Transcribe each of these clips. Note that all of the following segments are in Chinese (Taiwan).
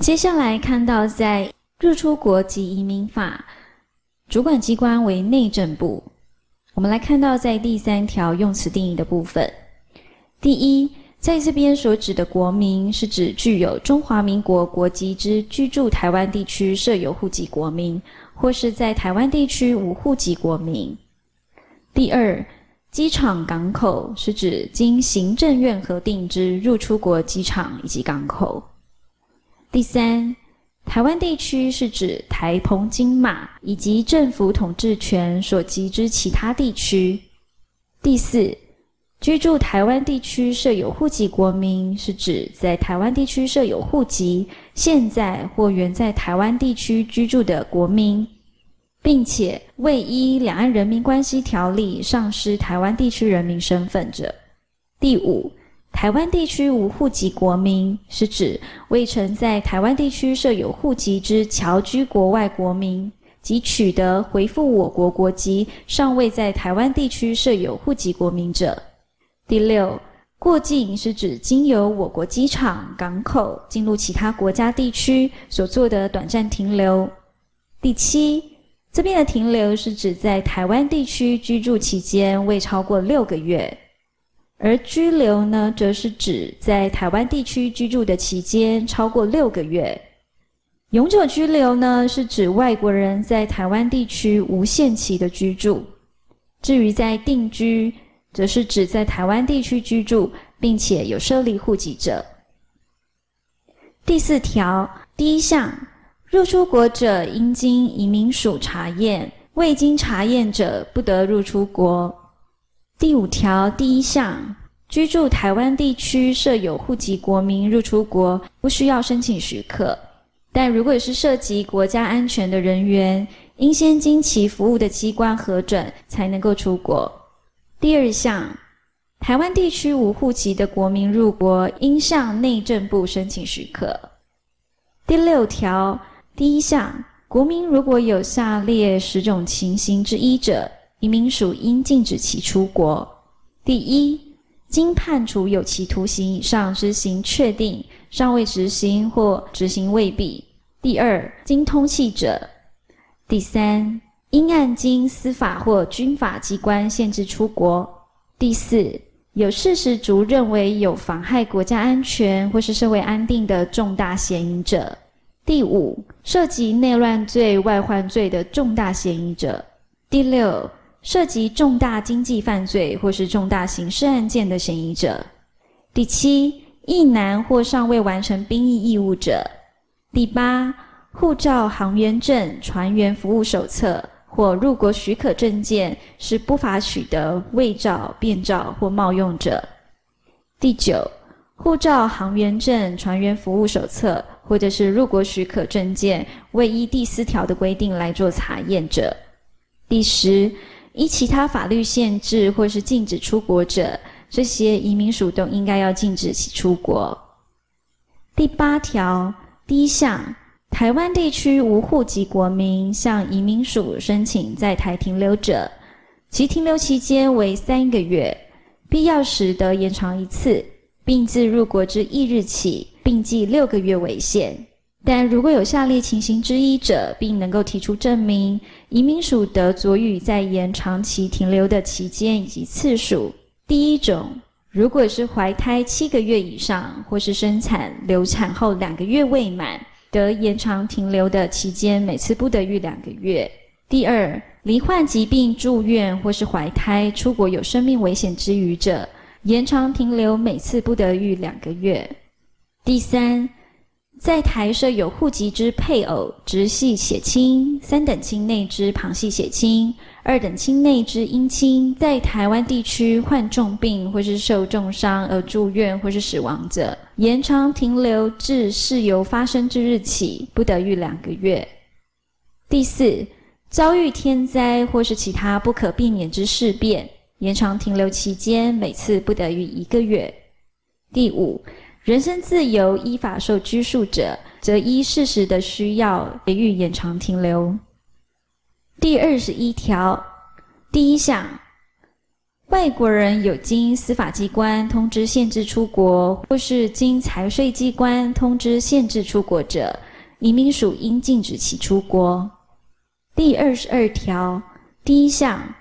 接下來看到，在入出國及移民法主管機關為內政部。我們來看到在第三條用詞定義的部分。第一，在這邊所指的國民是指具有中華民國國籍之居住台灣地區設有戶籍國民，或是在台灣地區無戶籍國民。第二，機場、港口是指經行政院核定之入出國機場以及港口。第三，臺灣地區是指台澎金馬以及政府統治權所及之其他地區。第四，居住臺灣地區設有戶籍國民，是指在臺灣地區設有戶籍、現在或原在臺灣地區居住的國民，並且未依《兩岸人民關係條例》喪失臺灣地區人民身份者。第五，台灣地區無戶籍國民，是指未曾在台灣地區設有戶籍之僑居國外國民及取得、回復我國國籍尚未在台灣地區設有戶籍國民者。第六，過境是指經由我國機場、港口進入其他國家地區所做的短暫停留。第七，這邊的停留是指在台灣地區居住期間未超過六個月。而居留呢，則是指在台灣地區居住的期間超過六個月。永久居留呢，是指外國人在台灣地區無限期的居住。至於在定居，則是指在台灣地區居住並且有設立戶籍者。第四條第一項，入出國者應經移民署查驗，未經查驗者不得入出國。第五條第一項，居住台灣地區設有戶籍國民入出國不需要申請許可，但如果是涉及國家安全的人員，應先經其服務的機關核准才能夠出國。第二項，台灣地區無戶籍的國民入國應向內政部申請許可。第六條第一項，國民如果有下列十種情形之一者，移民署應禁止其出國。第一，經判處有期徒刑以上之刑確定，尚未執行或執行未畢；第二，經通緝者；第三，因案經司法或軍法機關限制出國；第四，有事實足認為有妨害國家安全或是社會安定的重大嫌疑者；第五，涉及內亂罪、外患罪的重大嫌疑者；第六，涉及重大經濟犯罪或是重大刑事案件的嫌疑者；第七，役男或尚未完成兵役義務者；第八，護照、航員證、船員服務手冊或入國許可證件是不法取得、偽造、變造或冒用者；第九，護照、航員證、船員服務手冊或者是入國許可證件未依第四條的規定來做查驗者；第十。依其他法律限制或是禁止出國者，這些移民署都應該要禁止其出國。第八條第一項，臺灣地區無戶籍國民向移民署申請在台停留者，其停留期間為三個月，必要時得延長一次，並自入國之翌日起，並計六個月為限。但如果有下列情形之一者，並能夠提出證明，移民署得酌予在延長其停留的期間以及次數。第一種，如果是懷胎七個月以上，或是生產流產後兩個月未滿，得延長停留的期間，每次不得逾兩個月。第二，罹患疾病住院，或是懷胎出國有生命危險之餘者，延長停留每次不得逾兩個月。第三。在台設有戶籍之配偶、直系血親、三等親內之旁系血親、二等親內之姻親，在臺灣地區患重病或是受重傷而住院或是死亡者，延長停留至事由發生之日起，不得逾兩個月。第四，遭遇天災或是其他不可避免之事變，延長停留期間每次不得逾一個月。第五。人身自由依法受拘束者，則依事實的需要，給予延長停留。第二十一條第一項，外國人有經司法機關通知限制出國，或是經財稅機關通知限制出國者，移民署應禁止其出國。第二十二條第一項。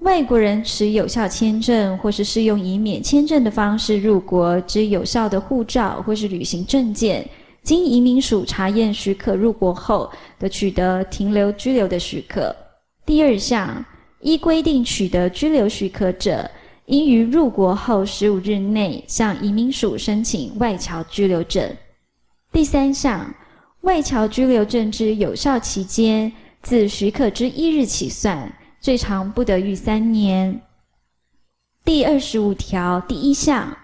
外國人持有效簽證或是適用以免簽證的方式入國之有效的護照或是旅行證件，經移民署查驗許可入國後得取得停留居留的許可。第二項，依規定取得居留許可者，應於入國後十五日內向移民署申請外僑居留證。第三項，外僑居留證之有效期間，自許可之翌日起算，最長不得逾三年。第二十五條第一項，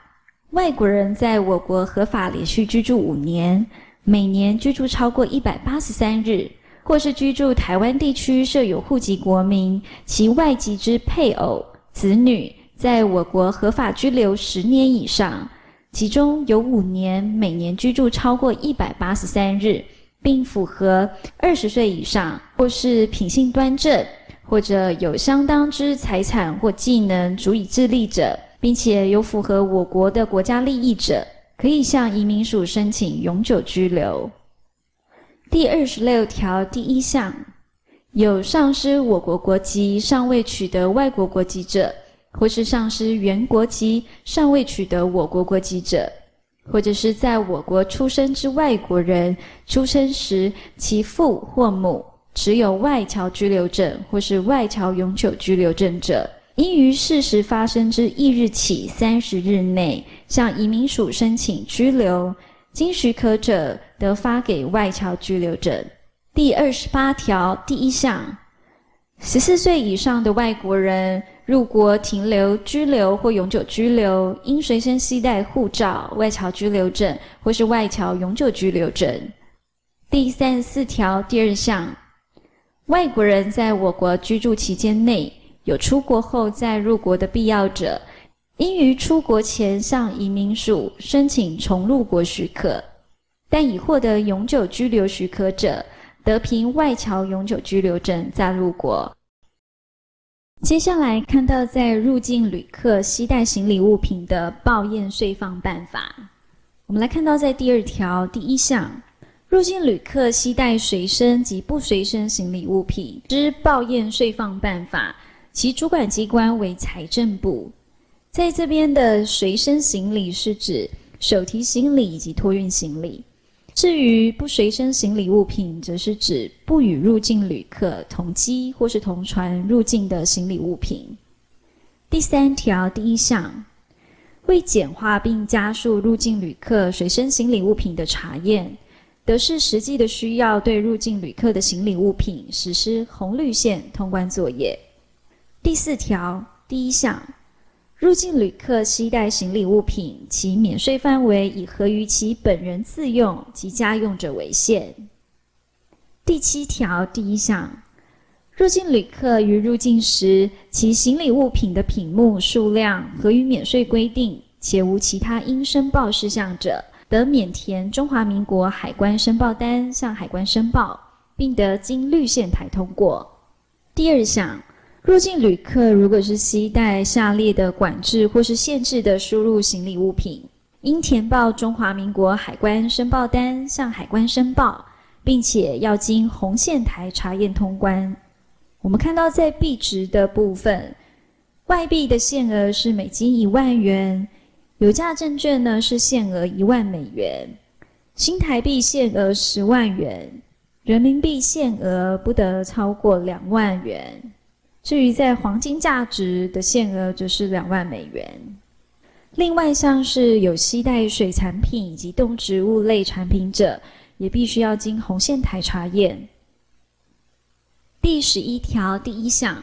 外國人在我國合法連續居住五年，每年居住超過一百八十三日，或是居住台灣地區設有戶籍國民，其外籍之配偶、子女在我國合法居留十年以上，其中有五年每年居住超過一百八十三日，並符合二十歲以上，或是品性端正。或者有相當之財產或技能足以自立者，並且有符合我國的國家利益者，可以向移民署申請永久居留。第二十六條第一項，有喪失我國國籍尚未取得外國國籍者，或是喪失原國籍尚未取得我國國籍者，或者是在我國出生之外國人，出生時其父或母，持有外僑居留證或是外僑永久居留證者，應於事實發生之翌日起三十日內向移民署申請居留，經許可者得發給外僑居留證。第二十八條第一項，十四歲以上的外國人入國停留、居留或永久居留，應隨身攜帶護照、外僑居留證或是外僑永久居留證。第三十四條第二項。外國人在我國居住期間內有出國後再入國的必要者，應於出國前向移民署申請重入國許可；但已獲得永久居留許可者，得憑外僑永久居留證再入國。接下來看到在入境旅客攜帶行李物品的報驗稅放辦法，我們來看到在第二條第一項。入境旅客攜帶隨身及不隨身行李物品之報驗稅放辦法，其主管機關為財政部。在這邊的隨身行李是指手提行李以及託運行李，至於不隨身行李物品，則是指不與入境旅客同機或是同船入境的行李物品。第三條第一項，為簡化並加速入境旅客隨身行李物品的查驗。得視實際的需要，對入境旅客的行李物品實施紅綠線通關作業。第四條第一項，入境旅客攜帶行李物品，其免稅範圍以合於其本人自用及家用者為限。第七條第一項，入境旅客於入境時，其行李物品的品目、數量合於免稅規定，且無其他應申報事項者。得免填中華民國海關申報單，向海關申報，並得經綠線檯通過。第二項，入境旅客如果是攜帶下列的管制或是限制的輸入行李物品，應填報中華民國海關申報單，向海關申報，並且要經紅線檯查驗通關。我們看到在幣值的部分，外幣的限額是美金一萬元。有價證券呢，是限額一萬美元，新台幣限額十萬元，人民幣限額不得超過兩萬元。至於在黃金價值的限額就是兩萬美元。另外像是有攜帶水產品以及動植物類產品者，也必須要經紅線臺查驗。第十一條第一項。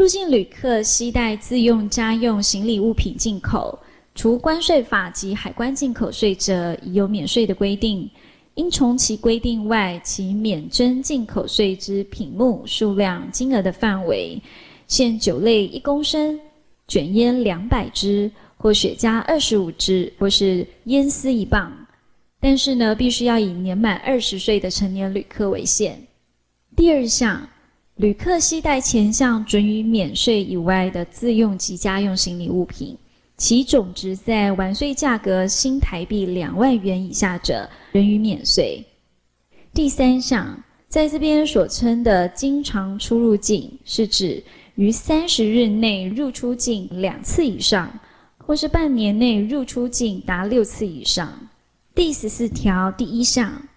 入境旅客攜帶自用家用行李物品進口，除關稅法及海關進口稅則已有免稅的規定，應從其規定外，其免徵進口稅之品目、數量、金額的範圍，限酒類一公升、捲菸兩百支或雪茄二十五支或是菸絲一磅，但是呢，必須要以年滿二十歲的成年旅客為限。第二項。旅客攜帶前項准予免稅以外的自用及家用行李物品，其總值在完稅價格新台幣兩萬元以下者，准予免稅。第三項，在這邊所稱的經常出入境，是指於三十日內入出境兩次以上，或是半年內入出境達六次以上。第十四條第一項。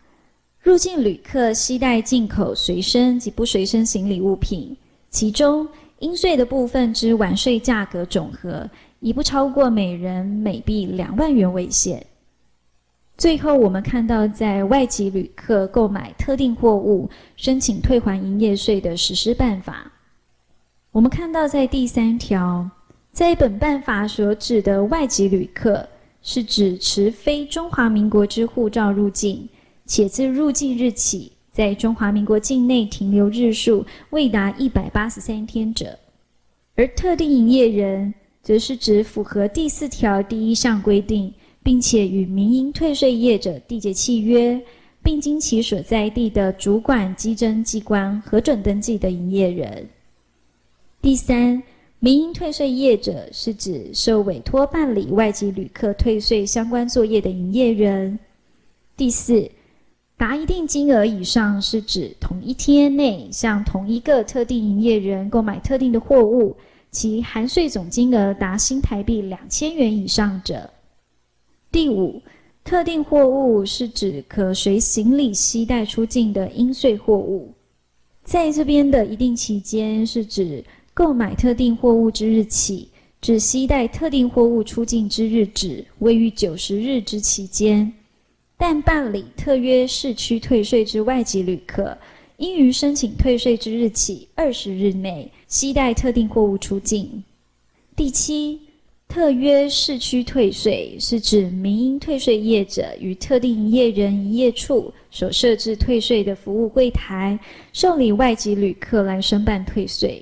入境旅客攜帶進口隨身及不隨身行李物品，其中應稅的部分之完稅價格總和，以不超過每人美幣兩萬元為限。最後，我們看到在外籍旅客購買特定貨物申請退還營業稅的實施辦法，我們看到在第三條，在本辦法所指的外籍旅客，是指持非中華民國之護照入境，且自入境日起，在中華民國境內停留日數未達一百八十三天者，而特定營業人，則是指符合第四條第一項規定，並且與民營退稅業者締結契約，並經其所在地的主管稽徵機關核准登記的營業人。第三，民營退稅業者是指受委託辦理外籍旅客退稅相關作業的營業人。第四。達一定金額以上，是指同一天內向同一個特定營業人購買特定的貨物，其含稅總金額達新台幣兩千元以上者。第五，特定貨物是指可隨行李攜帶出境的應稅貨物。在這邊的一定期間，是指購買特定貨物之日起，至攜帶特定貨物出境之日止，未逾九十日之期間。但辦理特約市區退稅之外籍旅客，應於申請退稅之日起二十日內，攜帶特定貨物出境。第七，特約市區退稅是指民營退稅業者與特定營業人營業處所設置退稅的服務櫃檯，受理外籍旅客來申辦退稅。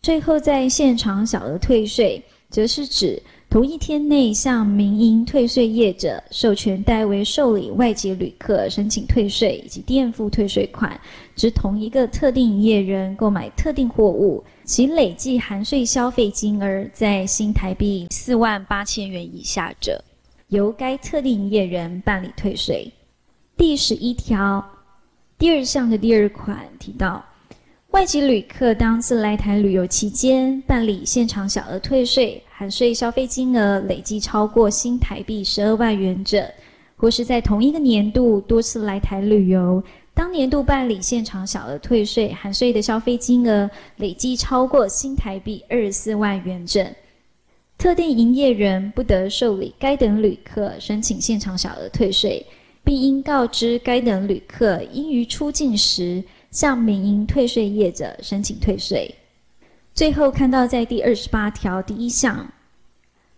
最後，在現場小額退稅，則是指。同一天內，向民營退稅業者授權代為受理外籍旅客申請退稅以及墊付退稅款，指同一個特定營業人購買特定貨物，其累計含稅消費金額在新台幣四萬八千元以下者，由該特定營業人辦理退稅。第十一條第二項的第二款提到，外籍旅客當次來台旅遊期間辦理現場小額退稅，含稅消費金額累計超過新台幣十二萬元整，或是在同一個年度多次來台旅遊，當年度辦理現場小額退稅含稅的消費金額累計超過新台幣二十四萬元整，特定營業人不得受理該等旅客申請現場小額退稅，並應告知該等旅客應於出境時。向民營退稅業者申請退稅。最後看到在第二十八條第一項，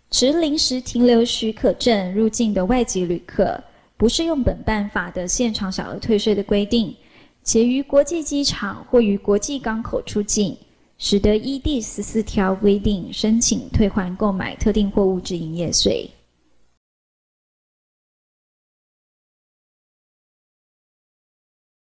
持臨時停留許可證入境的外籍旅客，不適用本辦法的現場小額退稅的規定，且於國際機場或於國際港口出境，使得依第十四條規定申請退還購買特定貨物之營業稅。